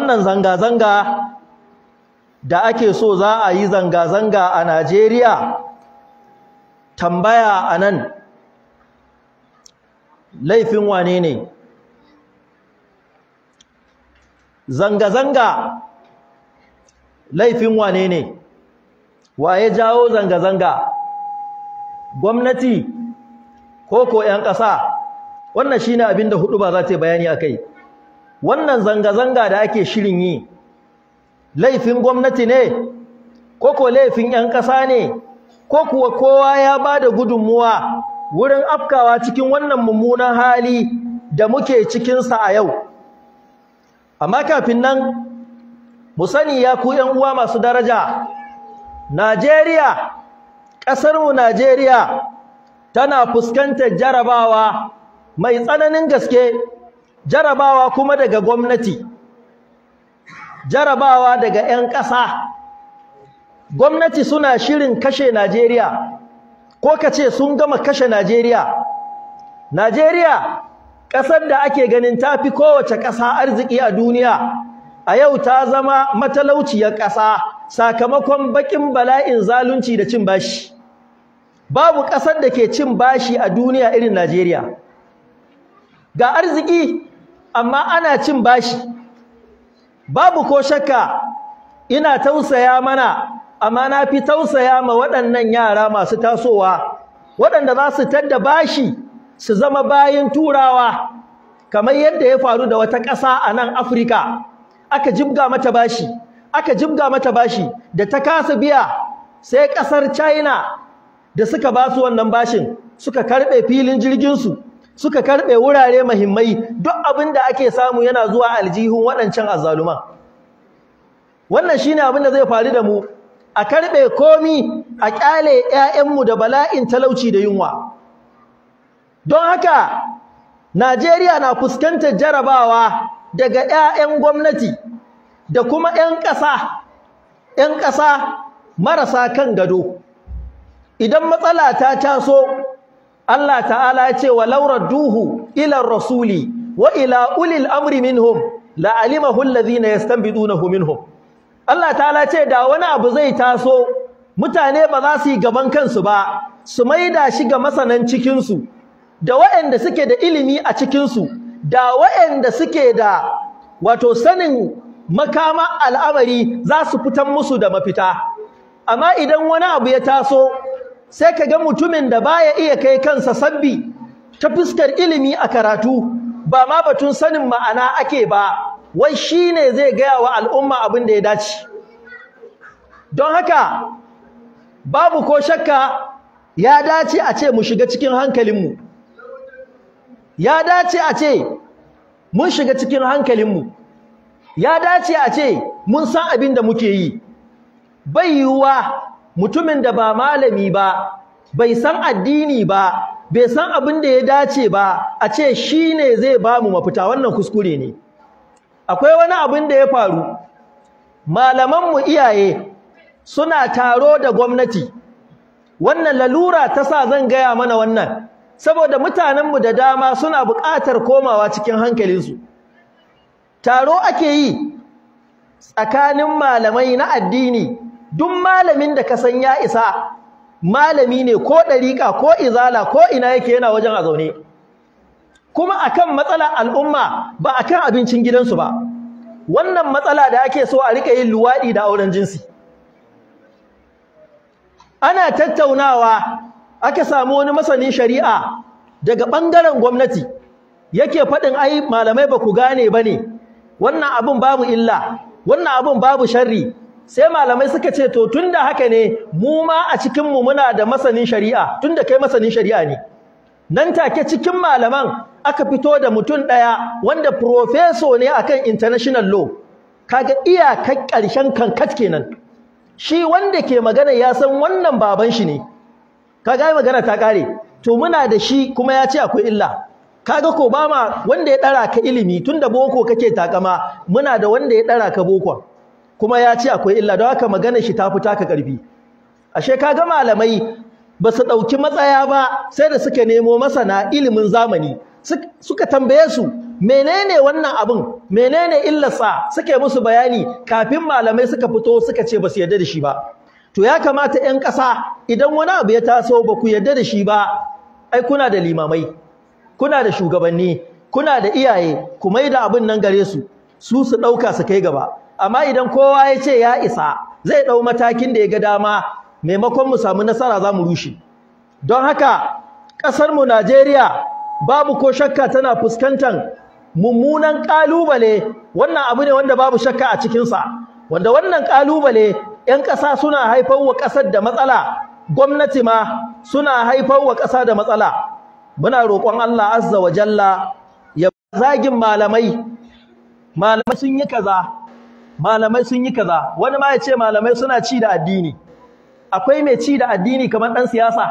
wannan zanga-zanga da ake so za a yi zanga-zanga a Najeriya tambaya a nan laifin wane ne zanga-zanga laifin wane ne Wa ya jawo zanga-zanga gwamnati ko ko 'yan ƙasa wannan shine abin da hudu ba za ta bayani a kai wannan zanga-zanga da ake shirin yi laifin gwamnati ne koko laifin 'yan ƙasa ne ko kuwa kowa ya ba da gudunmuwa wurin afkawa cikin wannan mummunan hali da muke cikinsa a yau amma kafin nan mu ya ku 'yan uwa masu daraja najeriya ƙasarmu najeriya tana fuskantar jarabawa mai tsananin gaske jarabawa kuma daga gwamnati jarabawa daga 'yan ƙasa gwamnati suna shirin kashe Najeriya ko ka ce sun gama kashe Najeriya Najeriya ƙasar da ake ganin ta fi kowace ƙasa arziki a duniya a yau ta zama matalauciyar ƙasa sakamakon baƙin bala'in zalunci da cin bashi babu ƙasar da ke cin bashi a duniya irin Najeriya ga arziki amma ana cin bashi babu ko shakka ina tausaya mana amma na fi tausaya ma waɗannan yara masu tasowa waɗanda za su tadda bashi su zama bayin turawa kamar yadda ya faru da wata ƙasa a nan afirka aka jibga mata bashi aka jibga mata bashi da ta kasa biya sai ƙasar china da suka ba su wannan bashin suka karɓe filin jirginsu suka karɓe wurare mahimmai duk abin da ake samu yana zuwa aljihun waɗancan azzaluman wannan shine abin da zai faru da mu a karɓe komi a ƙyale ‘ya'yanmu da bala'in talauci da yunwa don haka najeriya na fuskantar jarabawa daga ‘ya'yan gwamnati da kuma ‘yan ƙasa ‘yan ƙasa marasa kan gado idan matsala ta taso Allah ta'ala ya ce wa lauradduhu ila rasuli wa ila ulil amri minhum la alimahu alladhina yastanbidunahu minhum Allah ta'ala ce da wani abu zai taso mutane ba za su yi gaban kansu ba su maida shi ga masanan cikin su da waɗanda suke da ilimi a cikin su da waɗanda suke da wato sanin makama al'amari za su fitan musu da mafita amma idan wani abu ya taso sai ka ga mutumin da baya iya kai kansa sabbi ta fuskar ilimi a karatu ba ma batun sanin ma'ana ake ba wai ne zai gaya wa al'umma abin da ya dace don haka babu ko shakka ya dace a ce mu shiga cikin hankalinmu ya dace a ce mun shiga cikin hankalinmu ya dace a ce mun san abin da muke yi bai yiwuwa mutumin da ba malami ba bai san addini ba bai san abin da ya dace ba a ce shi ne zai ba mu mafita wannan kuskure ne akwai wani abin da ya faru malamanmu iyaye suna taro da gwamnati wannan lalura ta sa zan gaya mana wannan saboda mutanenmu da dama suna buƙatar komawa cikin hankalinsu taro ake yi tsakanin malamai na addini duk malamin da ka san ya isa malami ne ko ɗariƙa ko izala ko ina yake yana wajen a zaune kuma akan matsala al'umma ba akan abincin gidansu ba wannan matsala da ake so a rika yin luwaɗi da auren jinsi ana tattaunawa aka samu wani masani shari'a daga ɓangaren gwamnati yake faɗin ai malamai ba ku gane ba ne wannan abun babu illa wannan abun babu sharri sai malamai suka ce to tunda haka ne mu ma a cikin mu muna da masanin shari'a tunda kai masanin shari'a ne nan take cikin malaman aka fito da mutum ɗaya wanda professor ne akan international law kaga iyaka ƙarshen kankat kenan shi wanda ke magana ya san wannan baban shi ne kaga magana ta kare to muna da shi kuma ya ce akwai illa kaga ko ba ma wanda ya dara ka ilimi tunda boko kake takama muna da wanda ya ɗara ka bokon kuma ya ce akwai illa don haka maganar shi ta fi taka ƙarfi ashe ka ga malamai ba su ɗauki matsaya ba sai da suka nemo masana ilimin zamani suka tambaye su menene wannan abin menene illarsa suke musu bayani kafin malamai suka fito suka ce ba su yarda da shi ba to ya kamata 'yan ƙasa idan wani abu ya taso ba ku yarda da shi ba ai kuna da limamai kuna da shugabanni kuna da iyaye ku mai da abin nan gare su su su ɗauka su kai gaba amma idan kowa ya ce ya isa zai ɗau matakin da ya ga dama maimakon mu samu nasara za mu rushe don haka mu najeriya babu ko shakka tana fuskantar mummunan ƙalubale wannan abu ne wanda babu shakka a cikin sa wanda wannan ƙalubale ƴan ƙasa suna haifar ƙasar da matsala gwamnati ma suna haifarwa ƙasa da matsala muna roƙon Allah azza wa jalla ya zagin malamai malamai sun yi kaza malamai sun yi kaza wani ma ya ce malamai suna ci da addini akwai mai ci da addini kamar ɗan siyasa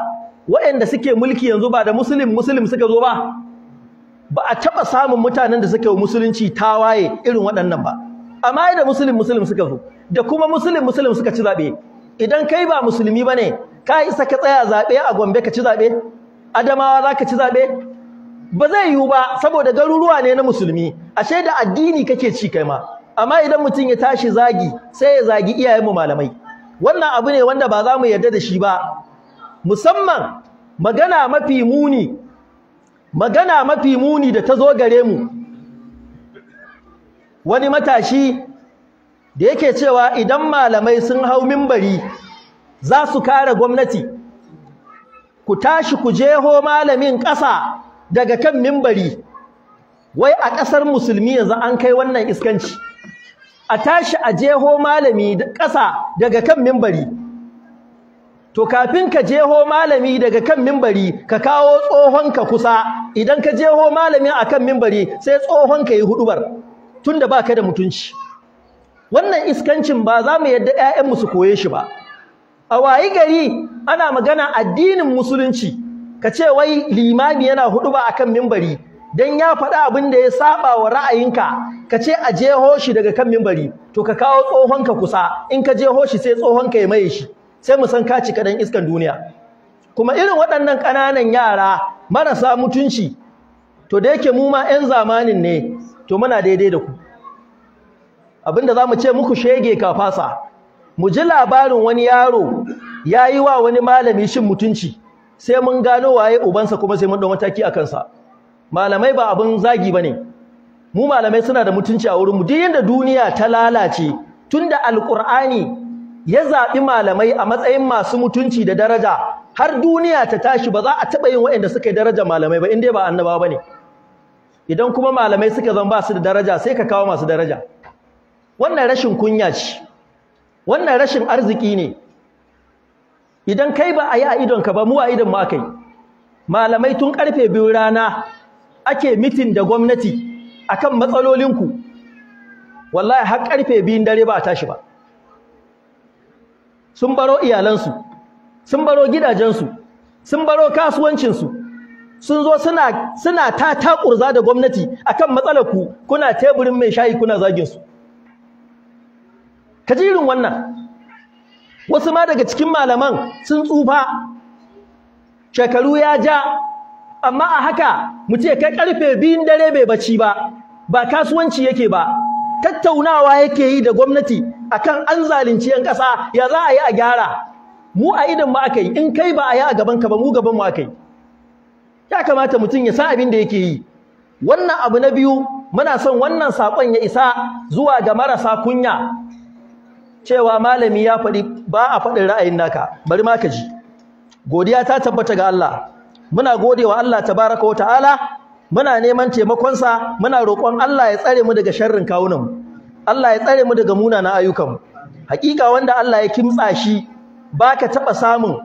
waɗanda suke mulki yanzu ba da musulun musulun suka zo ba ba a taɓa samun mutanen da suke yi musulunci tawaye irin waɗannan ba amma da musulun musulun suka zo da kuma musulun musulun suka ci zaɓe idan kai ba musulmi ba ne ka isa ka tsaya zaɓe a gombe ka ci zaɓe adamawa za ka ci zaɓe ba zai yiwu ba saboda garuruwa ne na musulmi ashe da addini kake ci kai ma amma idan mutum ya tashi zagi sai ya zagi iyayenmu malamai wannan abu ne wanda ba za mu yarda da shi ba musamman magana mafi muni magana mafi muni da ta zo gare mu wani matashi da yake cewa idan malamai sun hau mimbari za su kare gwamnati ku tashi ku jeho malamin ƙasa daga kan mimbari wai a ƙasar musulmi yanzu an kai wannan iskanci a tashi a jeho malami ƙasa daga kan mimbari to kafin ka jeho malami daga kan mimbari ka kawo tsohonka kusa idan ka jeho malamin akan mimbari sai tsohonka yi hudubar tunda baka da mutunci wannan iskancin ba za mu yadda ƴaƴanmu su koye shi ba a wayi gari ana magana addinin musulunci ka ce wai limami yana a kan mimbari dan ya faɗa abin da ya saba wa ra'ayinka ka ce a je hoshi daga kan mimbari to ka kawo tsohon ka kusa in ka je hoshi sai tsohonka ya maye shi sai mu san ka ci iskan duniya kuma irin waɗannan ƙananan yara marasa mutunci to da yake mu ma 'yan zamanin ne to muna daidai da ku abinda za mu ce muku shege kafasa mu ji labarin wani yaro yayi wa wani malami shin mutunci sai mun gano waye ubansa kuma sai mun ɗau mataki a kansa malamai ba abin zagi bane mu malamai suna da mutunci a wurin mu duk yanda duniya ta lalace tunda alqur'ani ya zabi malamai a matsayin masu mutunci da daraja har duniya ta tashi ba za a taba yin wa'anda suka yi daraja malamai ba in dai ba annaba bane idan kuma malamai suka zan ba su da daraja sai ka kawo masu daraja wannan rashin kunya ce wannan rashin arziki ne idan kai ba a yi a idonka ba mu a idon mu aka malamai tun karfe biyu rana ake mitin da gwamnati akan matsalolinku wallahi har karfe biyun dare ba a tashi ba sun baro iyalansu sun baro gidajensu sun baro kasuwancinsu sun zo suna suna ta takurza da gwamnati akan matsalar ku kuna teburin mai shayi kuna zagin su kajirin wannan wasu ma daga cikin malaman sun tsufa shekaru ya ja amma a haka mu ce kai karfe biyun dare bai bacci ba ba kasuwanci yake ba tattaunawa yake yi da gwamnati akan an zalunci yan ƙasa ya za a yi a gyara mu a idan ba aka in kai ba a yi a gaban ka ba mu gaban mu aka ya kamata mutum ya san abin da yake yi wannan abu na biyu muna son wannan sakon ya isa zuwa ga marasa kunya cewa malami ya faɗi ba a faɗin ra'ayin naka bari ma ka ji godiya ta tabbata ga Allah muna godewa Allah tabaraka wa ta'ala muna neman taimakonsa muna roƙon Allah ya tsare mu daga sharrin kawunan Allah ya tsare mu daga na ayyukan hakika wanda Allah ya kimtsa shi baka taba samun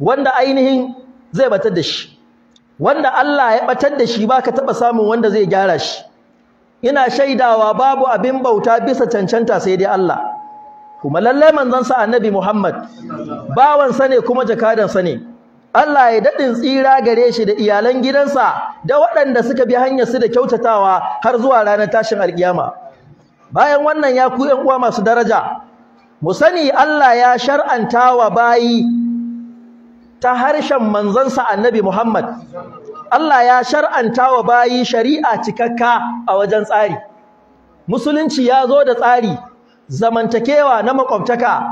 wanda ainihin zai batar da shi wanda Allah ya batar da shi baka taba samun wanda zai gyara shi ina shaidawa babu abin bauta bisa cancanta sai dai Allah kuma lallai manzon sa annabi Muhammad bawan ne kuma jakadan sa ne Allah ya daɗin tsira gare shi da iyalan gidansa da waɗanda suka bi su da kyautatawa har zuwa ranar tashin alkiyama bayan wannan ya ku ƴan uwa masu daraja mu sani Allah ya shar'anta wa bayi ta harshen manzansa annabi Muhammad Allah ya shar'anta wa bayi shari'a cikakka a wajen tsari musulunci ya zo da tsari zamantakewa na makwabtaka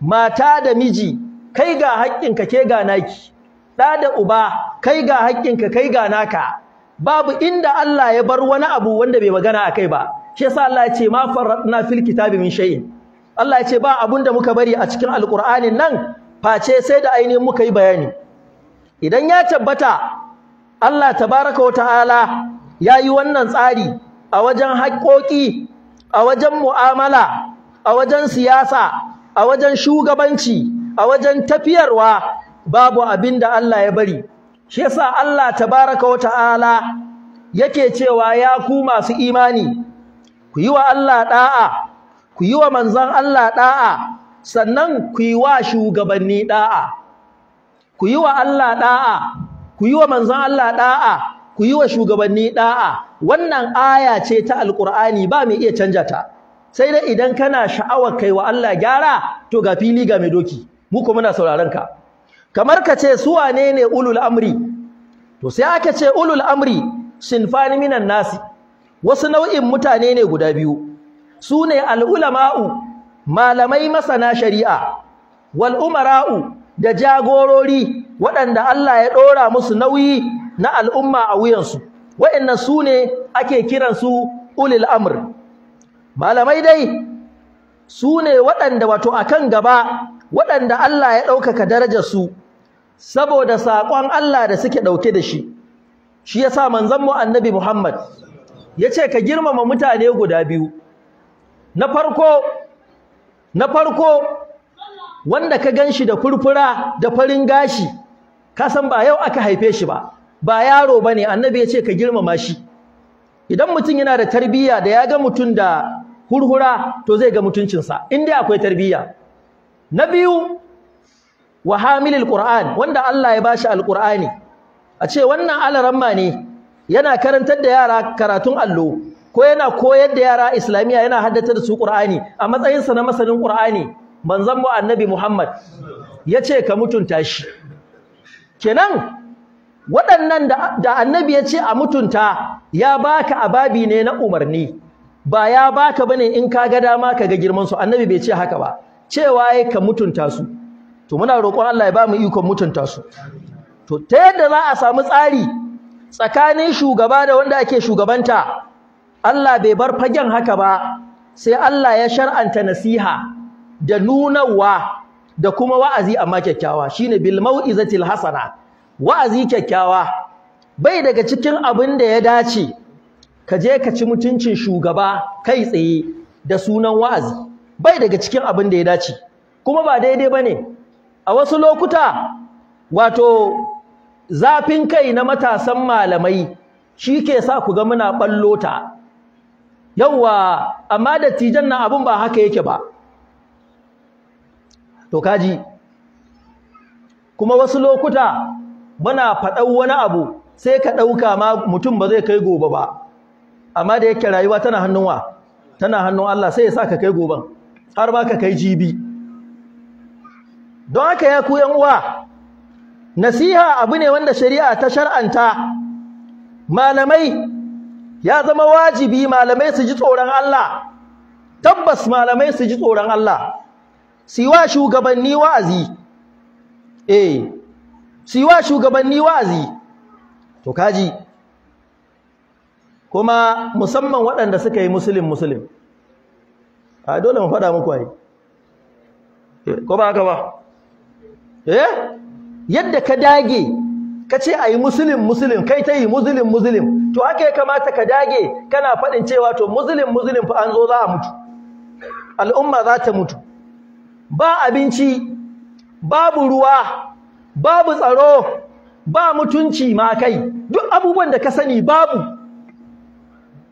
mata da miji kai ga haƙƙinka ke ga naki ɗa da uba kai ga haƙƙinka kai ga naka babu inda Allah ya bar wani abu wanda bai magana a kai ba shi yasa Allah ya ce ma farratna fil kitabi min shay'in Allah ya ce ba abun da muka bari a cikin alƙur'anin nan face sai da ainihin muka yi bayani idan ya tabbata Allah tabaraka wa ta'ala ya yi wannan tsari a wajen haƙƙoƙi a wajen mu'amala a wajen siyasa a wajen shugabanci a wajen tafiyarwa babu abin da Allah ya bari shi yasa Allah tabaraka wa ta'ala yake cewa ya ku masu imani ku yi wa Allah da'a ku yi wa manzon Allah da'a sannan ku yi wa shugabanni da'a ku yi wa Allah ɗaa ku yi wa manzon Allah da'a ku yi wa shugabanni ɗaa. wannan aya ce ta alqur'ani ba mai iya canja ta sai dai idan kana sha'awar kai wa Allah gyara to ga fili ga mai doki mu kuma muna sauraron ka kamar ka ce su wane ne ulul amri to sai aka ce ulul amri sinfani minan nasi wasu nau'in mutane ne guda biyu su ne al'ulama'u malamai masana shari'a wal umara'u da jagorori waɗanda Allah ya ɗora musu nauyi na al'umma a wuyansu waɗannan su ne ake kiransu Ulul amr malamai dai su ne waɗanda wato akan gaba waɗanda Allah ya ɗaukaka darajarsu saboda saƙon Allah da suke ɗauke da shi shi ya sa manzan mu annabi Muhammad ya ce ka girmama mutane guda biyu na farko na farko wanda ka gan shi da furfura da farin gashi ka san ba yau aka haife shi ba ba yaro ba ne. annabi ya ce ka girmama shi idan mutum yana da tarbiyya da ya ga mutum da hurhura to zai ga mutuncinsa in dai akwai tarbiyya na biyu wa hamilil qur'an wanda Allah ya bashi alqur'ani a ce wannan alaramma ne yana karantar da yara karatun allo ko yana koyar da yara islamiya yana haddata da su qur'ani a matsayinsa na masanin qur'ani manzon mu annabi muhammad yace ka mutunta shi kenan waɗannan da annabi ya ce a mutunta ya baka ababi ne na umarni ba ya baka bane in ka ga dama ka ga girman su annabi bai ce haka ba cewa ka mutunta su to muna roƙon Allah ya ba mu ikon mutunta su to ta yadda za a samu tsari tsakanin shugaba da wanda ake shugabanta Allah bai bar fagen haka ba sai Allah ya shar'anta nasiha da nunawa da kuma wa'azi amma kyakkyawa shine bil mau'izatil hasana wa'azi kyakkyawa bai daga cikin abin da ya dace ka je ka ci mutuncin shugaba kai tsaye da sunan wa'azi bai daga cikin abin da ya dace kuma ba daidai bane a wasu lokuta wato zafin kai na matasan malamai shi ke sa ku ga muna ɓallo ta yawwa amma dattijan nan abin ba haka yake ba to kaji kuma wasu lokuta muna faɗan wani abu sai ka ɗauka ma mutum ba zai kai gobe ba amma da yake rayuwa tana hannunwa tana hannun Allah sai ya sa ka kai goben har ma ka kai jibi don haka ya ku yan uwa nasiha abu ne wanda shari'a ta shar'anta malamai ya zama wajibi malamai su ji tsoron Allah tabbas malamai su ji tsoron Allah siwa shugabanni wa'azi eh siwa shugabanni wa'azi to kaji kuma musamman waɗanda suka yi musulun musulun a dole mu faɗa muku ai eh, ko ba haka ba eh yadda ka dage ka ce ayi muslim muslim kai ta yi muslim muslim to haka ya kamata ka dage kana faɗin cewa to muslim muslim fa an zo za a mutu al'umma za ta mutu ba abinci babu ruwa babu tsaro ba mutunci ma kai duk abubuwan da ka sani babu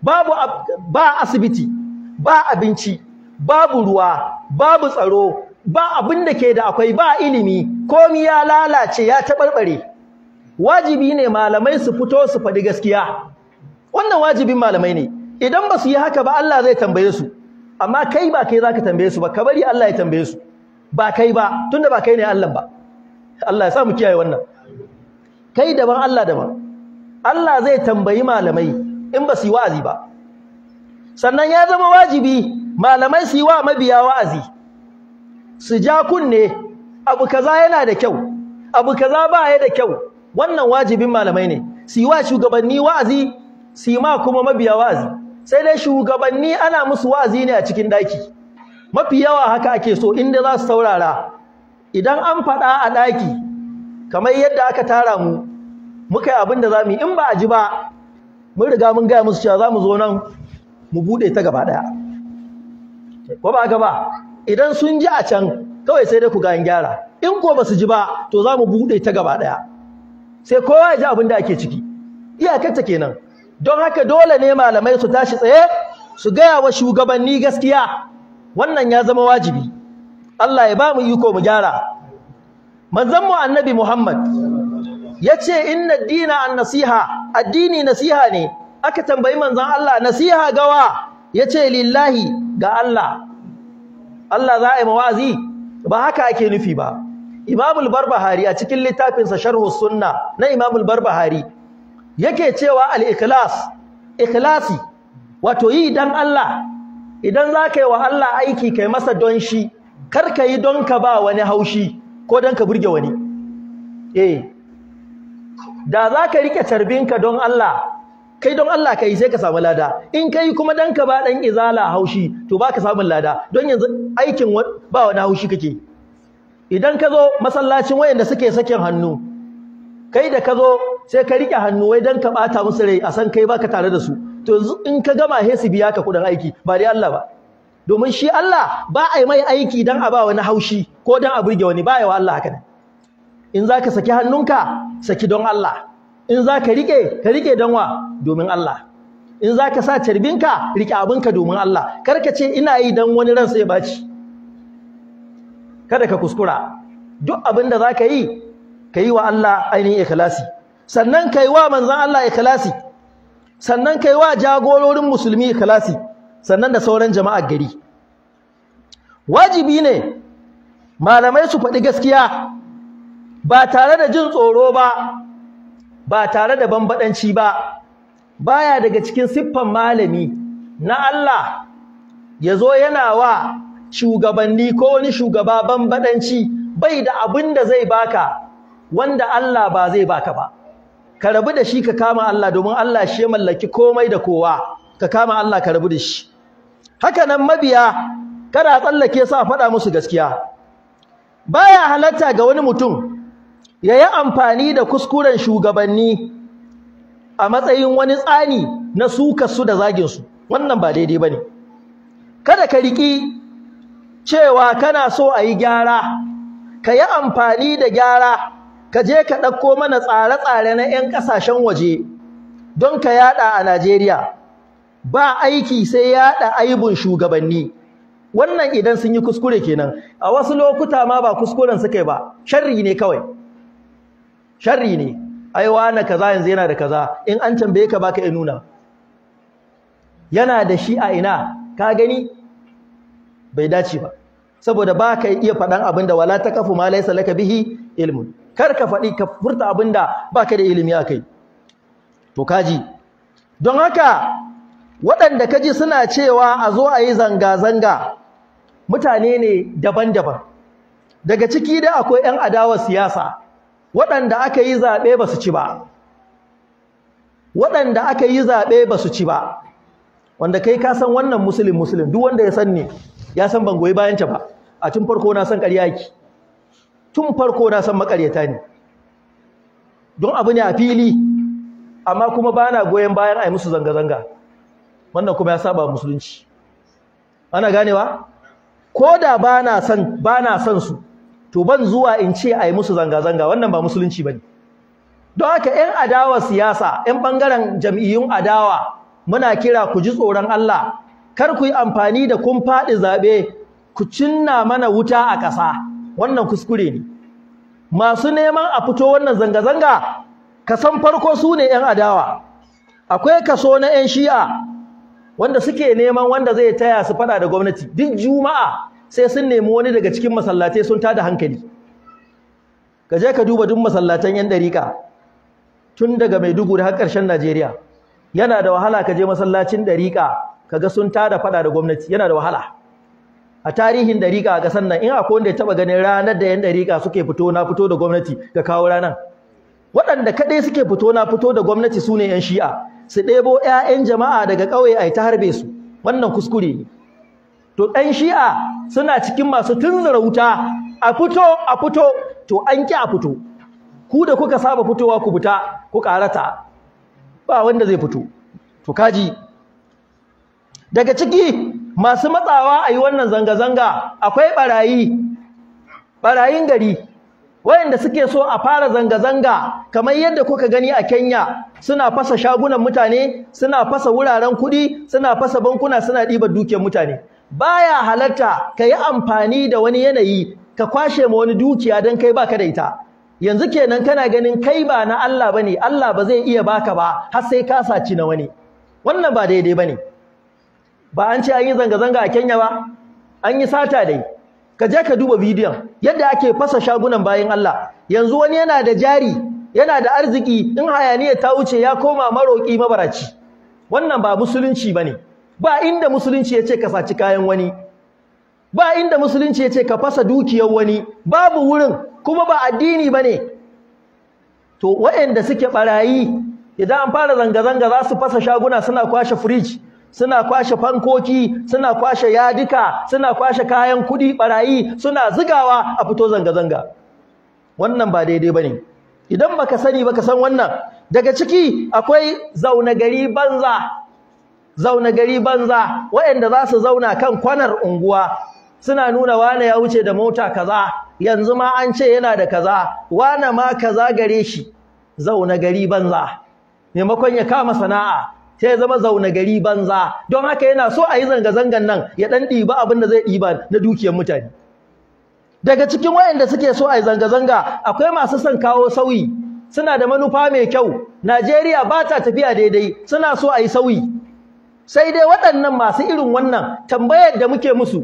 babu ba asibiti ba abinci babu ruwa babu tsaro ba abin da ke da akwai ba ilimi komi ya lalace ya taɓarɓare wajibi ne malamai su fito su faɗi gaskiya wannan wajibin malamai ne idan ba su yi haka ba Allah zai tambaye su amma kai ba kai zaka tambaye su ba ka bari Allah ya tambaye su ba kai ba tunda ba kai ne Allah ba Allah ya sa mu kiyaye wannan kai daban Allah daban Allah zai tambayi malamai in ba su yi wa'azi ba sannan ya zama wajibi malamai su yi wa mabiya wa'azi su ja kunne abu kaza yana da kyau abu kaza ba ya da kyau wannan wajibin malamai ne su yi wa shugabanni wa'azi su yi ma kuma mabiya wa'azi sai dai shugabanni ana musu wa'azi ne a cikin daki mafi yawa haka ake so inda za su saurara idan an faɗa a daki kamar yadda aka tara mu muka yi abin da za mu yi in ba a ji ba mun riga mun gaya musu cewa za mu zo nan mu buɗe ta gaba ɗaya ko ba ga ba idan sun ji a can kawai sai dai ku ga an gyara in ko basu ji ba to za mu buɗe ta gaba ɗaya sai kowa ya ji abin da ake ciki Iyakar ta kenan don haka dole ne malamai su tashi tsaye su gaya wa shugabanni gaskiya wannan ya zama wajibi Allah ya ba mu iko mu gyara manzon mu annabi Muhammad yace inna dina an nasiha addini nasiha ne aka tambayi manzon Allah nasiha gawa yace lillahi ga Allah Allah za a yi wa'azi ba haka ake nufi ba Imam barbahari a cikin littafinsa sharhu sunna na Imam barbahari yake cewa al-ikhlas ikhlasi wato yi dan Allah idan za ka yi wa Allah aiki kai masa don shi kar ka yi don ka ba wani haushi ko don ka burge wani eh da za ka rike tarbinka don Allah kai don Allah kai sai ka samu lada in kai kuma dan ka ba dan izala haushi to ba ka samun lada don yanzu aikin ba wani haushi kake idan ka zo masallacin wayanda suke sakin hannu kai da ka zo sai ka rike hannu wai dan ka bata musu rai a san kai baka tare da su to yanzu in ka gama he biya ka kudin aiki ba dai Allah ba domin shi Allah ba a yi mai aiki dan a ba wani haushi ko dan a burge wani ba ya wa Allah haka in zaka saki hannunka saki don Allah in za ka riƙe ka riƙe don domin Allah in za ka sa carbinka riƙe abinka domin Allah kar ka ce ina yi don wani ransa ya baci kada ka kuskura duk abin da za ka yi ka yi wa Allah ainihin ikhlasi sannan ka yi wa manzan Allah ikhlasi sannan ka yi wa jagororin musulmi ikhlasi sannan da sauran jama'a gari wajibi ne malamai su faɗi gaskiya ba tare da jin tsoro ba ba tare da bambadanci ba baya daga cikin siffan malami na Allah ya zo yana wa shugabanni ko wani shugaba bambadanci bai da abin da zai baka wanda Allah ba zai baka ba ka rabu da shi ka kama Allah domin Allah shi ya mallaki komai da kowa ka kama Allah ka rabu da shi haka nan mabiya kada a tsallake sa faɗa musu gaskiya baya halatta ga wani mutum ya yi amfani da kuskuren shugabanni a matsayin wani tsani na sukarsu da zaginsu wannan ba daidai ba ne kada ka riƙi cewa kana so a yi gyara ka yi amfani da gyara ka je ka ɗauko mana tsare-tsare na 'yan ƙasashen waje don ka yaɗa a Najeriya ba aiki sai yaɗa aibun shugabanni wannan idan sun yi kuskure kenan a wasu lokuta ma ba kuskuren suka yi ba sharri ne kawai sharri ne ai na kaza yanzu yana da kaza in an tambaye ka baka ya nuna yana da shi a ina ka gani bai dace ba saboda baka iya faɗan abin wala ta kafu ma laisa laka bihi ilmun kar ka faɗi ka furta abin da da ilimi a kai to kaji don haka waɗanda kaji suna cewa a zo a yi zanga-zanga mutane ne daban-daban daga ciki dai akwai 'yan adawar siyasa waɗanda aka yi zaɓe ba su ci ba waɗanda aka yi zaɓe ba su ci ba wanda kai ka san wannan musulun musulun duk wanda ya san ne ya san ban goyi bayan ta ba a tun farko na san ƙarya yake tun farko na san makaryata ne don abu ne a fili amma kuma ba na goyon bayan a yi musu zanga-zanga wannan kuma ya saba musulunci ana ganewa ko da ba na san su to ban zuwa in ce a yi musu zanga-zanga wannan ba musulunci ba ne don haka 'yan adawa siyasa 'yan ɓangaren jam'iyyun adawa muna kira ku ji tsoron Allah kar ku yi amfani da kun faɗi zaɓe ku cinna mana wuta a ƙasa wannan kuskure ne masu neman a fito wannan zanga-zanga ka san farko su ne 'yan adawa akwai kaso na 'yan shi'a wanda suke neman wanda zai taya su faɗa da gwamnati duk juma'a sai sun nemi wani daga cikin masallatai sun tada hankali ka je ka duba duk masallatan yan dariƙa tun daga Maiduguri har ƙarshen Najeriya yana da wahala ka je masallacin dariƙa kaga sun tada fada da gwamnati yana da wahala a tarihin dariƙa ga sannan in akwai wanda ya taba ganin ranar da yan dariƙa suke fito na fito da gwamnati ga kawo ranar waɗanda kaɗai suke fito na fito da gwamnati su ne yan shi'a su ɗebo 'ya'yan jama'a daga ƙauye a ta harbe su wannan kuskure ne to ɗan shi'a suna cikin masu tunzura wuta a fito a fito to an ki a fito ku da kuka saba fitowa ku fita ku karata ba wanda zai fito to kaji daga ciki masu matsawa a yi wannan zanga-zanga akwai barayi barayin gari wayanda suke so a fara zanga-zanga kamar yadda kuka gani a Kenya suna fasa shagunan mutane suna fasa wuraren kuɗi suna fasa bankuna suna diba dukiyar mutane baya halatta ka yi amfani da wani yanayi ka kwashe ma wani dukiya don kai baka da ita yanzu kenan kana ganin kai ba na Allah bane Allah ba zai iya baka ba har sai ka saci na wani wannan ba daidai bane ba an ce an yi zanga-zanga a Kenya ba an yi sata dai ka je ka duba bidiyon yadda ake fasa shagunan bayan Allah yanzu wani yana da jari yana da arziki in hayaniya ta wuce ya koma maroki mabaraci wannan ba musulunci bane ba inda musulunci ya ce ka saci kayan wani ba inda musulunci ya ce ka fasa dukiyar wani babu wurin kuma ba addini ba to waɗanda suke ɓarayi idan an fara zanga-zanga za su fasa shaguna suna kwashe firij suna kwashe fankoki suna kwashe yadika suna kwashe kayan kuɗi barayi suna zigawa a fito zanga-zanga wannan ba daidai ba ne idan baka sani baka san wannan daga ciki akwai zaune gari banza zauna gari banza waɗanda za su zauna kan kwanar unguwa suna nuna wane ya wuce da mota kaza yanzu ma an ce yana da kaza wane ma kaza gare shi zauna gari banza maimakon ya kama sana'a sai ya zama zauna gari banza don haka yana so a yi zanga-zangan nan ya ɗan ɗiba abin da zai ɗiba na dukiyar mutane daga cikin waɗanda suke so a yi zanga-zanga akwai masu son kawo sauyi suna da manufa mai kyau Najeriya ba ta tafiya daidai suna so a yi sauyi sai dai waɗannan masu irin wannan tambayar da muke musu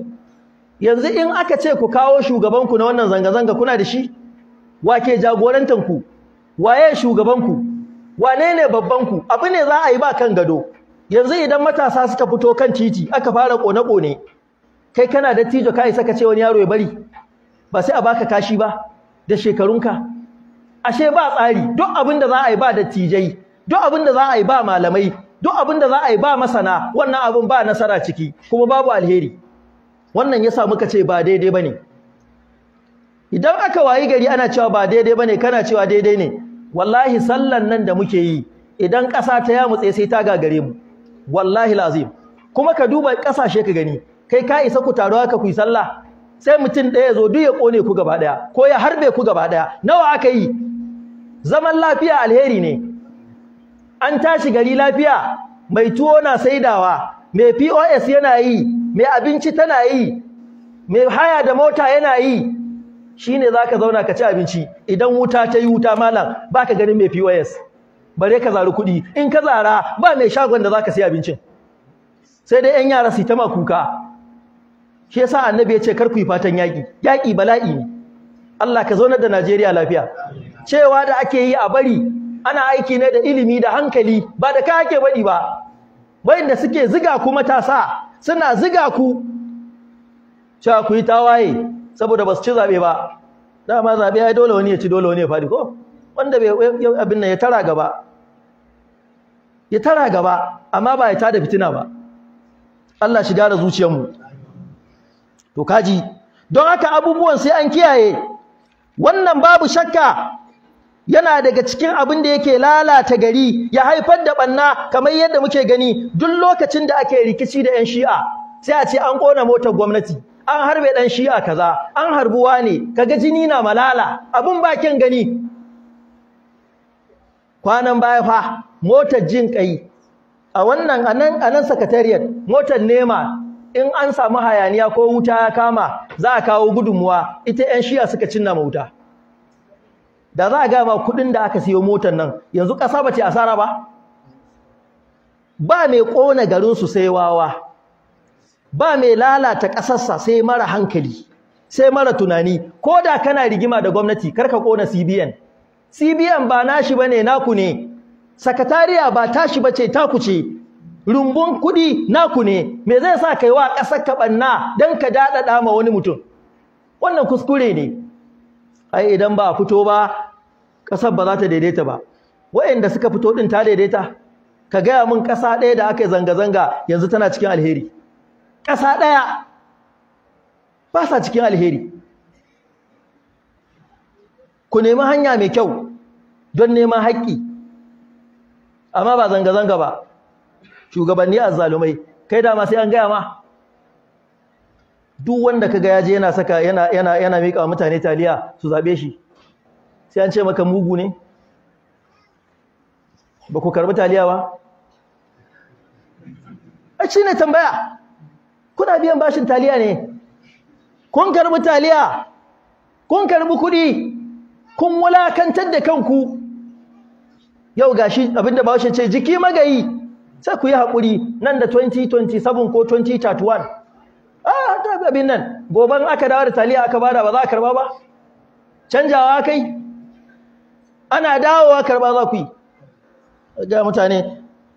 yanzu in aka ce ku kawo shugabanku na wannan zanga-zanga kuna da shi wa ke jagorantanku waye shugabanku wane ne babbanku abu ne za a yi ba kan gado yanzu idan matasa suka fito kan titi aka fara ƙone-ƙone kai kana da tijo ka isa ka ce wani yaro ya bari ba sai a baka kashi ba da shekarunka ashe ba tsari duk abin da za a yi ba da tijai duk abin da za a yi ba malamai duk abin da za a yi ba masana wannan abin ba nasara ciki kuma babu alheri wannan yasa muka ce ba daidai bane idan aka wayi gari ana cewa ba daidai bane kana cewa daidai ne wallahi sallan nan da muke yi idan ƙasa ta ya mutse sai ta gagare mu wallahi lazim kuma ka duba ƙasashe ka gani kai ka isa ku taruwa ka ku yi sallah sai mutum ɗaya zo duk ya ƙone ku gaba ɗaya ko ya harbe ku gaba ɗaya nawa aka yi zaman lafiya alheri ne an tashi gari lafiya mai tuwo na saidawa mai POS yana yi mai abinci tana yi mai haya da mota yana yi Shi ne za ka zauna ka ci abinci idan wuta ta yi wuta malam ba ka ganin mai POS bare ka zari kuɗi in ka zara ba mai shagon da za ka sai abincin sai dai 'yan yara su ta kuka shi yasa annabi ya ce kar ku yi fatan yaƙi yaƙi bala'i ne Allah ka zaunar da Najeriya lafiya cewa da ake yi a bari ana aiki ne da ilimi da hankali ba da kai ake baɗi ba wayanda suke ziga ku matasa suna ziga ku cewa ku yi tawaye saboda ba su ci zaɓe ba dama zaɓe ya dole wani ya ci dole wani ya fadi ko wanda abin nan ya tara gaba ya tara gaba amma ba ya da fitina ba Allah shi gara mu. to kaji don haka abubuwan sai an kiyaye wannan babu shakka yana daga cikin abin da yake lalata gari ya haifar da banna kamar yadda muke gani duk lokacin da ake rikici da 'yan shi'a sai a ce an ƙona motar gwamnati an harbe ɗan shi'a kaza an harbuwa ne kaga jini na malala abin bakin gani kwanan baya fa motar jin kai a wannan anan anan sakatariyar motar nema in an samu hayaniya ko wuta ya kama za a kawo gudunmuwa ita 'yan shi'a suka cinna mauta da za a gaya ma kuɗin da aka siyo motar nan yanzu ƙasa ba ce asara ba ba mai ƙona garinsu sai wawa ba mai lalata ƙasarsa sai mara hankali sai mara tunani ko da kana rigima da gwamnati karka ƙona cbn cbn ba nashi ba ne naku ne sakatariya ba tashi ba ce taku ce rumbun kuɗi naku ne me zai sa kai wa ƙasar ka ɓanna don ka daɗaɗa ma wani mutum wannan kuskure ne ai idan ba a fito ba ƙasar ba za ta daidaita ba waɗanda suka fito din ta daidaita ka gaya mun ƙasa ɗaya da aka yi zanga-zanga yanzu tana cikin alheri ƙasa ɗaya ba sa cikin alheri ku nemi hanya mai kyau don neman haƙƙi amma ba zanga-zanga ba shugabanni azzalumai kai dama sai an gaya ma duk wanda kaga ya je yana saka yana yana yana mika mutane taliya su zabe shi sai an ce maka mugu ne ba ku karbi taliya ba a shi ne tambaya kuna biyan bashin taliya ne kun karbi taliya kun karbi kuɗi kun wulakantar da kanku yau gashi abinda bawashi ce jiki magayi sai ku yi haƙuri nan da 2027 ko 2031 ta abin nan goban aka dawo da taliya aka bada ba za a karba ba canjawa kai ana dawowa karba za ku yi ga mutane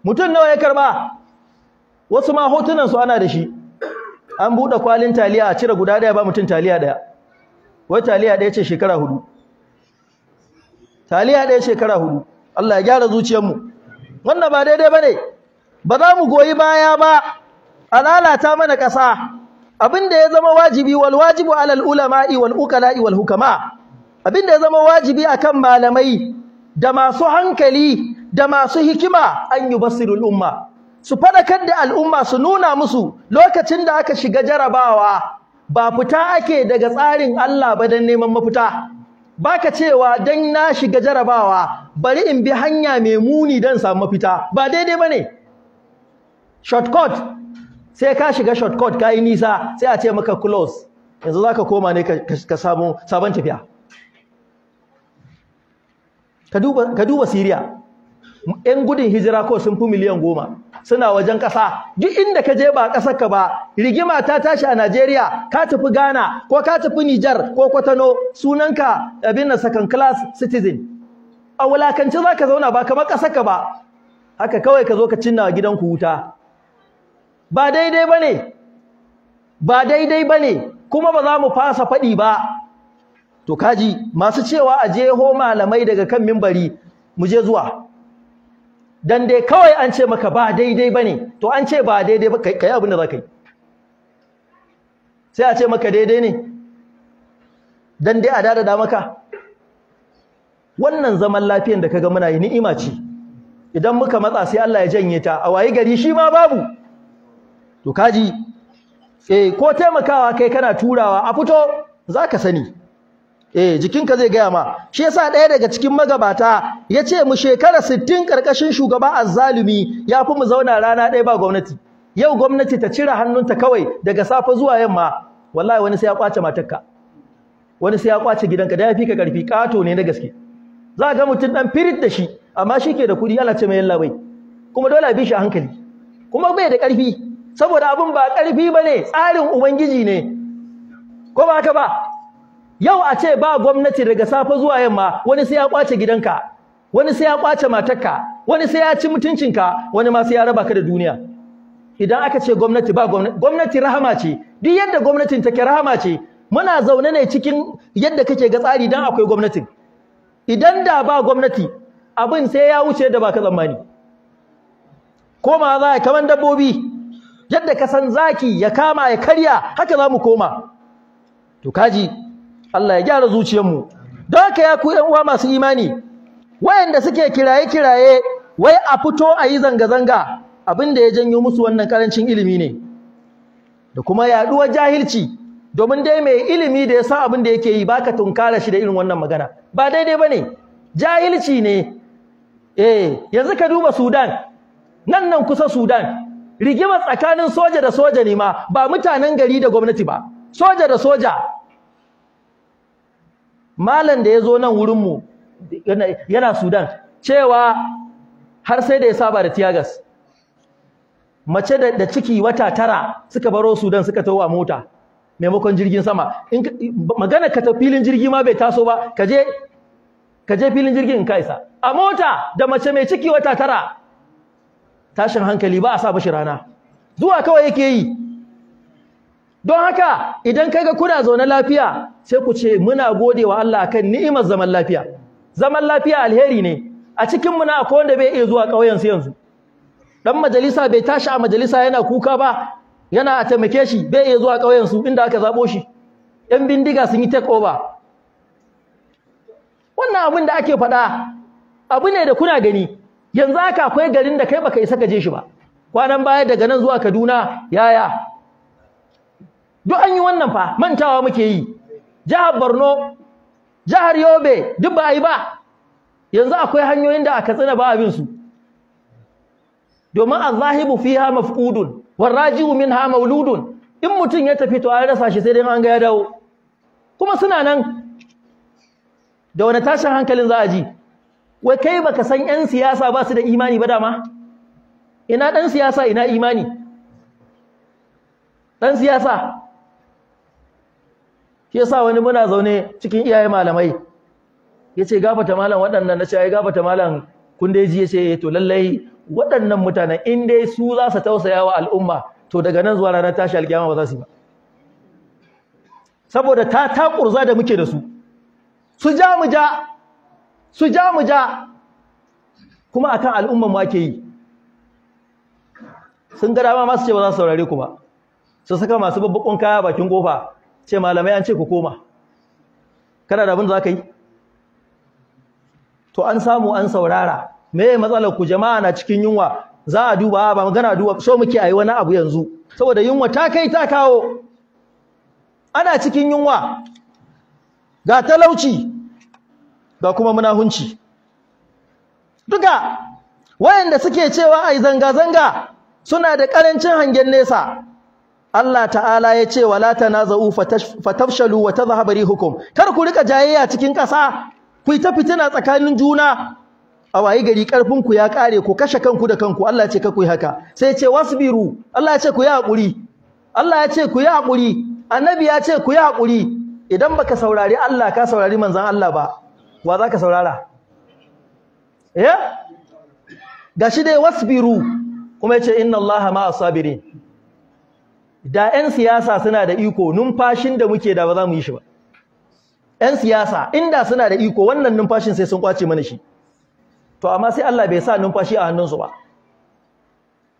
mutum nawa ya karba wasu ma hotunan su ana da shi an buɗe kwalin taliya a cire guda ɗaya ba mutum taliya ɗaya wai taliya ɗaya ce shekara hudu taliya ɗaya shekara hudu Allah ya gyara zuciyarmu wannan ba daidai ba ne ba za mu goyi baya ba a lalata mana ƙasa abin da ya zama wajibi wal wajibu alal ulama'i wal uqala'i wal hukama abin da ya zama wajibi akan malamai da masu hankali da masu hikima an yubassirul umma su fadakar da al'umma su nuna musu lokacin da aka shiga jarabawa ba fita ake daga tsarin Allah ba dan neman mafita baka cewa dan na shiga jarabawa bari in bi hanya mai muni dan samu mafita ba daidai bane shortcut sai ka shiga shortcut ka yi nisa sai a ce maka close yanzu za ka koma ne ka samu sabon tafiya ka duba siriya 'yan gudun hijira ko sun fi miliyan goma suna wajen ƙasa duk inda ka je ba ƙasar ka ba rigima ta tashi a Najeriya ka tafi Ghana ko ka tafi Niger ko Kwatano sunanka abin na second class citizen a wulakanci ka zauna ba kamar ƙasar ka ba haka kawai ka zo ka cinna gidan ku wuta ba daidai ba ne ba daidai ba ne kuma ba za mu fasa faɗi ba to kaji masu cewa a jeho malamai daga kan mimbari mu je zuwa dan dai kawai an ce maka ba daidai ba ne to an ce ba daidai ba kai abin da za ka yi sai a ce maka daidai ne dan dai a dadada maka wannan zaman lafiyan da ka ga muna yi ni'ima ce idan muka matsa sai Allah ya janye ta a wayi gari shi ma babu to kaji eh ko taimakawa kai kana turawa a fito zaka sani eh jikinka zai gaya ma shi yasa ɗaya daga cikin magabata ya ce mu shekara 60 karkashin shugaba azzalumi ya fi mu zauna rana ɗaya ba gwamnati yau gwamnati ta cire hannunta kawai daga safe zuwa yamma wallahi wani sai ya kwace matarka wani sai ya kwace gidanka da ya fi ka karfi kato ne na gaske za ga mutum dan firit da shi amma shi ke da kuɗi Allah ce mai yalla bai kuma dole a bi shi hankali kuma bai da karfi saboda abin ba ƙarfi ba ne tsarin ubangiji ne ko ba ka ba yau a ce ba gwamnati daga safe zuwa yamma wani sai ya ƙwace gidanka wani sai ya ƙwace matarka wani sai ya ci mutuncinka wani ma sai ya raba ka da duniya idan aka ce gwamnati ba gwamnati rahama ce duk yadda gwamnatin take rahama ce muna zaune ne cikin yadda kake ga tsari dan akwai gwamnatin idan da ba gwamnati abin sai ya wuce da ba ka tsammani ko ma za a kaman dabbobi yadda ka san zaki ya kama ya karya haka za mu koma to kaji Allah ya gyara zuciyarmu don haka ya ku ƴan uwa masu imani wayanda suke kiraye kiraye wai a fito a yi zanga zanga Abinda ya janyo musu wannan karancin ilimi ne da kuma yaduwar jahilci domin dai mai ilimi da ya san abin da yake yi baka tunkara shi da irin wannan magana ba daidai bane jahilci ne eh yanzu ka duba Sudan nan nan kusa Sudan rigima tsakanin soja da soja ne ma ba mutanen gari da gwamnati ba soja da soja malam da ya zo nan wurinmu yana sudan cewa har sai da ya saba da tiyagas mace da ciki wata tara suka baro sudan suka taho a mota maimakon jirgin sama magana ka ta filin jirgi ma bai taso ba ka je filin jirgin in ka a mota da mace mai ciki wata tara tashin hankali ba a sa mashi rana zuwa kawai yake yi don haka idan kai ga kuna zaune lafiya sai ku ce muna gode wa Allah kan ni'imar zaman lafiya zaman lafiya alheri ne a cikin mu na akwai wanda bai iya zuwa ƙauyen su yanzu dan majalisa bai tashi a majalisa yana kuka ba yana a taimake shi bai iya zuwa ƙauyen su inda aka zabo shi yan bindiga sun yi take over wannan abin da ake faɗa abu ne da kuna gani yanzu haka akwai garin da kai baka isa ka je shi ba kwanan baya daga nan zuwa Kaduna yaya duk an yi wannan fa mantawa muke yi jihar Borno jihar Yobe duk ba a yi ba yanzu akwai hanyoyin da aka tsina ba abin su domin azahibu fiha mafqudun waraji'u minha mauludun in mutum ya tafi to an rasa shi sai dai an ga ya dawo kuma suna nan da wani tashin hankalin za a ji wai kai baka san yan siyasa ba su da imani ba dama ina dan siyasa ina imani dan siyasa shi yasa wani muna zaune cikin iyaye malamai yace gafata malam waɗannan nace ai gafata malam Kundeji ya ce eh, to lallai waɗannan mutanen in dai su za su tausaya wa al'umma to daga nan zuwa ranar tashi alƙiyama ba za su yi ba saboda ta takurza da muke da su su ja mu ja su ja mu ja kuma akan al'umman mu ake yi sun ga dama masu ce ba za su saurare ku ba su saka masu babbakon kaya bakin kofa ce malamai an ce ku koma kana da abin da za ka yi to an samu an saurara me ya matsalar ku jama'a na cikin yunwa za a duba ba magana duba so muke ayi wani abu yanzu saboda yunwa ta kai ta kawo ana cikin yunwa ga talauci ga kuma hunci. duka wayanda suke cewa ai zanga zanga suna da ƙarancin hangen nesa Allah ta'ala ya ce wala fa fatafshalu wa tadhhabu rihukum kar ku rika jayayya cikin ƙasa ku yi ta fitina tsakanin juna a wayi gari karfin ku ya kare ku kashe kanku da kanku Allah ce ka yi haka sai ya ce wasbiru Allah ya ce ku yi hakuri Allah ya ce ku yi hakuri annabi ya ce ku yi hakuri idan baka saurari Allah ka saurari manzon Allah ba wa za ka saurara ya eh? shi dai wasbiru kuma yace inna allaha ma asabirin da yan siyasa suna da iko numfashin da muke da ba za mu yi shi ba yan siyasa inda suna da iko wannan numfashin sai sun kwace mana shi to amma sai Allah bai sa numfashi a hannunsu ba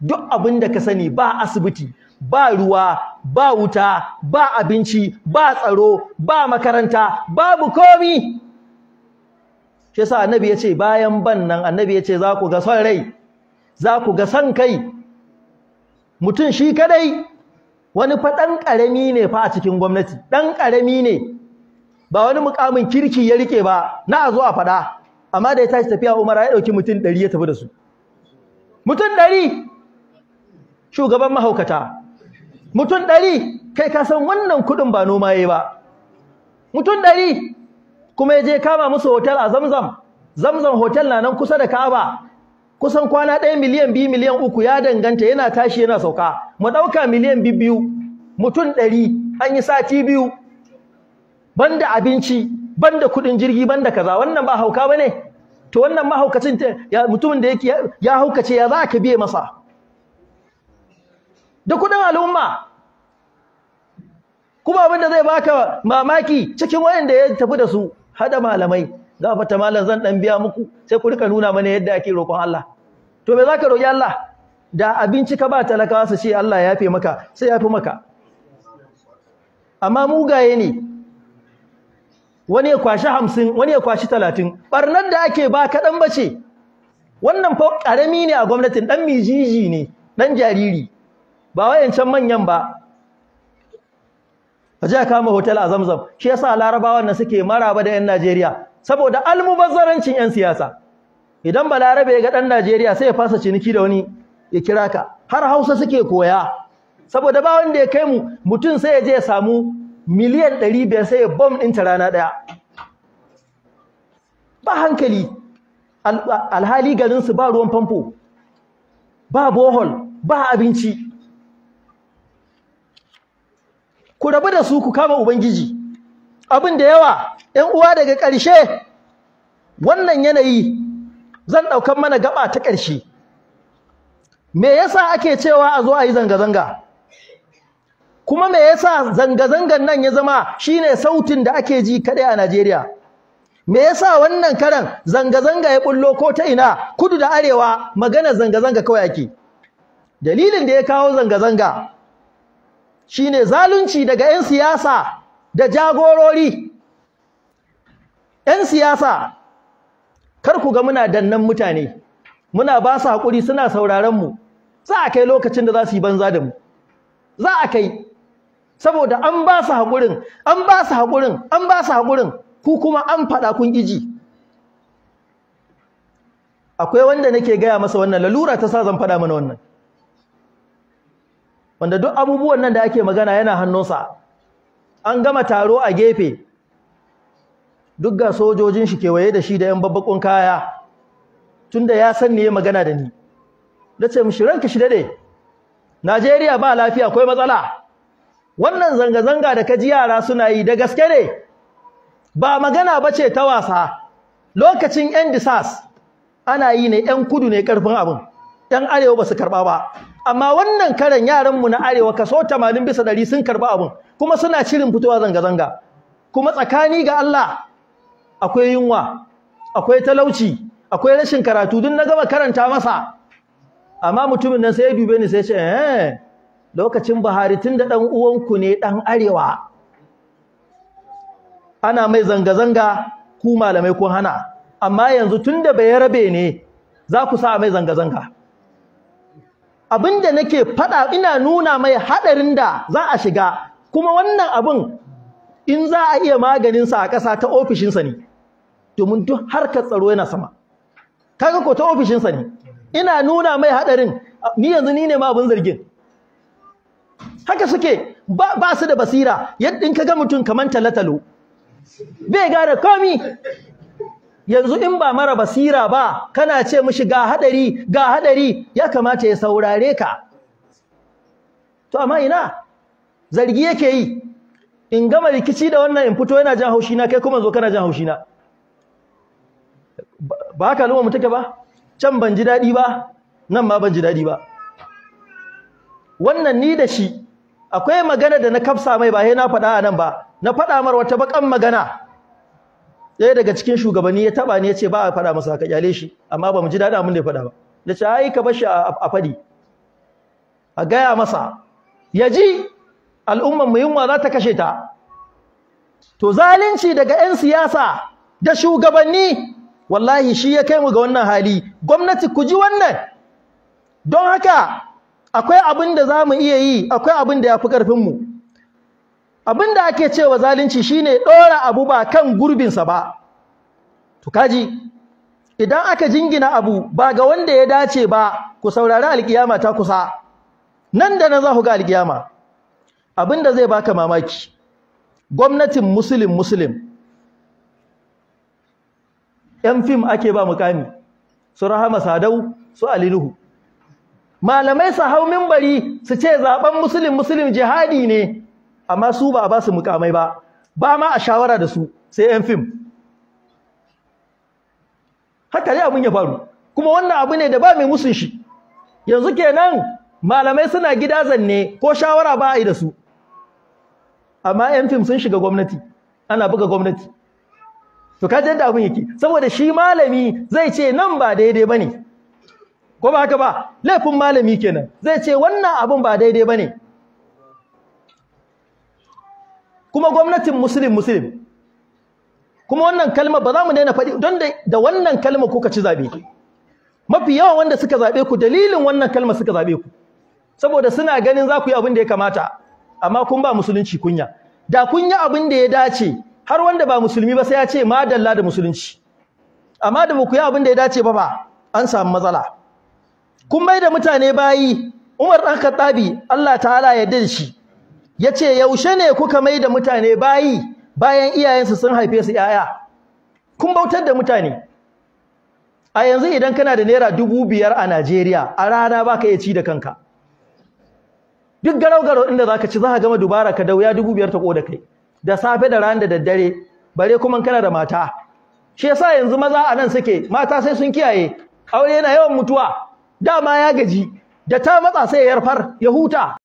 duk abin da ka sani ba asibiti ba ruwa ba wuta ba abinci ba tsaro ba makaranta babu komi shi yasa annabi ya ce bayan ban nan annabi ya ce za ku ga son rai za ku ga son kai mutum shi kadai wani fa ɗan ƙarami ne fa a cikin gwamnati ɗan ƙarami ne ba wani mukamin kirki ya rike ba na a zo a faɗa amma da ya tashi tafiya umara ya ɗauki mutum ɗari ya tafi da su mutum ɗari shugaban mahaukata mutum ɗari kai ka san wannan kuɗin ba noma ya ba mutum ɗari kuma yaje kama musu hotel a Zamzam Zamzam hotel na nan kusa da Ka'aba kusan kwana ɗaya miliyan biyu miliyan uku ya danganta yana tashi yana sauka mu ɗauka miliyan biyu mutum ɗari an yi sati biyu banda abinci banda kuɗin jirgi banda kaza wannan ba hauka ba ne to wannan mahaukacin mutumin da yake ya haukace ya za ka biye masa da kuɗin al'umma kuma abin da zai baka mamaki cikin wayan da ya tafi da su hada malamai za fata malam zan dan biya muku sai ku rika nuna mana yadda ake roƙon Allah to me zaka roƙi Allah da abinci ka ba talakawa su ce Allah ya fi maka sai ya fi maka amma mugaye ne wani ya kwashi hamsin wani ya kwashi talatin ɓarnar da ake ba kaɗan ba ce wannan fa ƙarami ne a gwamnatin ɗan mijiji ne ɗan jariri ba wayancan manyan ba a je a kama hotel a zamzam shi yasa larabawan nan suke maraba da ƴan Najeriya saboda almubazzarancin ƴan siyasa idan ba larabe ga ɗan Najeriya sai ya fasa ciniki da wani ya kira ka har Hausa suke koya saboda ba wanda ya kai mu mutum sai ya je ya samu miliyan 500 sai ya bomb din ta rana ɗaya. ba hankali alhali garin su ba ruwan famfo ba bohol ba abinci ku rabu da su ku kama ubangiji abin da yawa 'yan uwa daga ƙarshe wannan yanayi zan ɗaukan mana gaba ta ƙarshe me yasa ake cewa a zo a yi zanga-zanga kuma me yasa zanga-zangan nan ya zama shine sautin da ake ji kaɗai a Najeriya me yasa wannan karan zanga-zanga ya ɓullo ko ta ina kudu da arewa magana zanga-zanga kawai ake dalilin da ya kawo zanga-zanga shine zalunci daga 'yan siyasa da jagorori 'yan siyasa kar ku ga muna dannan mutane muna ba su haƙuri suna sauraron mu za a kai lokacin da za su yi banza da mu za a kai saboda an ba su haƙurin an ba su haƙurin an ba su haƙurin ku kuma an faɗa kun iji akwai wanda nake gaya masa wannan lalura ta sa zan faɗa mana wannan wanda duk abubuwan nan da ake magana yana hannunsa an gama taro a gefe duk ga sojojin shi kewaye da shi da yan babbakon kaya tunda ya san ne magana da ni da ce mishi ranka shi dade Najeriya ba lafiya akwai matsala wannan zanga-zanga da kaji yara suna yi da gaske ne ba magana bace ta wasa lokacin yan disas ana yi ne yan kudu ne karfin abin Ɗan arewa ba su karɓa ba amma wannan karan yaran mu na arewa kaso tamanin bisa ɗari sun karɓa abun kuma suna shirin fitowa zanga zanga kuma tsakani ga Allah akwai yunwa akwai talauci akwai rashin karatu duk na gama karanta masa amma mutumin nan sai ya dube ni sai ya ce eh lokacin Buhari tun da dan uwanku ne dan arewa ana mai zanga zanga ku malamai kun hana amma yanzu tunda bai rabe ne za ku sa mai zanga zanga Abin abinda nake faɗa ina nuna mai haɗarin da za a shiga kuma wannan abin in za a iya maganinsa a ƙasa ta ofishinsa ne domin duk harkar tsaro yana sama kaga ko ta ofishinsa ne ina nuna mai haɗarin ni yanzu ni ne ma abin zargin haka suke ba su da basira yadda in ka ga mutum kamar talatalo bai gane komi yanzu in ba mara basira ba kana ce mishi ga hadari ga hadari ya kamata ya saurare ka to amma ina zargi yake yi in gama rikici da wannan in fito yana jan haushi na kai kuma zo kana jan haushi na ba haka mu mutake ba can ban ji daɗi ba nan ma ban ji daɗi ba wannan ni da shi akwai magana da na kafsa mai ba sai na faɗa a nan ba na faɗa mar wata bakan magana ɗaya daga cikin shugabanni ya taba ne ya ce ba a faɗa masa haka kyale shi amma ba mu ji daɗin abin da ya faɗa ba da ce ai ka bar shi a faɗi a gaya masa ya ji al'umman mu yunwa za ta kashe ta to zalunci daga 'yan siyasa da shugabanni wallahi shi ya kai mu ga wannan hali gwamnati ku ji wannan don haka akwai abin da za mu iya yi akwai abin da ya fi ƙarfinmu abin da ake cewa zalunci shine ɗora abu ba kan gurbinsa ba to kaji idan aka jingina abu ba ga wanda ya dace ba ku saurari alkiyama ta kusa nan da na za ku ga alkiyama abin da zai baka mamaki gwamnatin musulun musulun ‘yan fim ake ba mukami su rahama sadau su alinuhu malamai su hau mimbari su ce zaben musulun musulun jihadi ne amma su ba a ba su mukamai ba ba ma a shawara da su sai yan fim haka ne abin ya faru kuma wannan abu ne da ba mai musun shi yanzu kenan malamai suna gida zanne ko shawara ba a yi da su amma yan fim sun shiga gwamnati ana buga gwamnati to kaji yadda abin yake saboda shi malami zai ce nan ba daidai ba ne, ko ba haka ba laifin malami kenan zai ce wannan abin ba daidai ba ne. kuma gwamnatin musulun-musulun kuma wannan kalma ba za mu daina faɗi don da wannan kalma kuka ci zaɓe mafi yawa wanda suka zaɓe ku dalilin wannan kalma suka zaɓe ku saboda suna ganin za ku yi abin da ya kamata amma kun ba musulunci kunya da kun yi abin da ya dace har wanda ba musulmi ba sai ya ce madalla da musulunci amma da ba ku yi abin da ya dace ba ba an samu matsala kun bai da mutane bayi Umar ɗan Khattabi Allah ta'ala ya yarda da shi Ya ce, yaushe ne kuka mai da mutane bayi bayan iyayensu sun haife su yaya kun bautar da mutane a yanzu idan kana da naira dubu biyar a Najeriya a rana baka iya ci da kanka duk garau-garau inda za ka ci za ka gama dubara ka dauya dubu biyar ta koda kai da safe da rana da daddare bare kuma kana da mata shi yasa yanzu maza a nan suke mata sai sun kiyaye aure yana yawan mutuwa dama ya gaji da ta matsa sai ya yarfar ya huta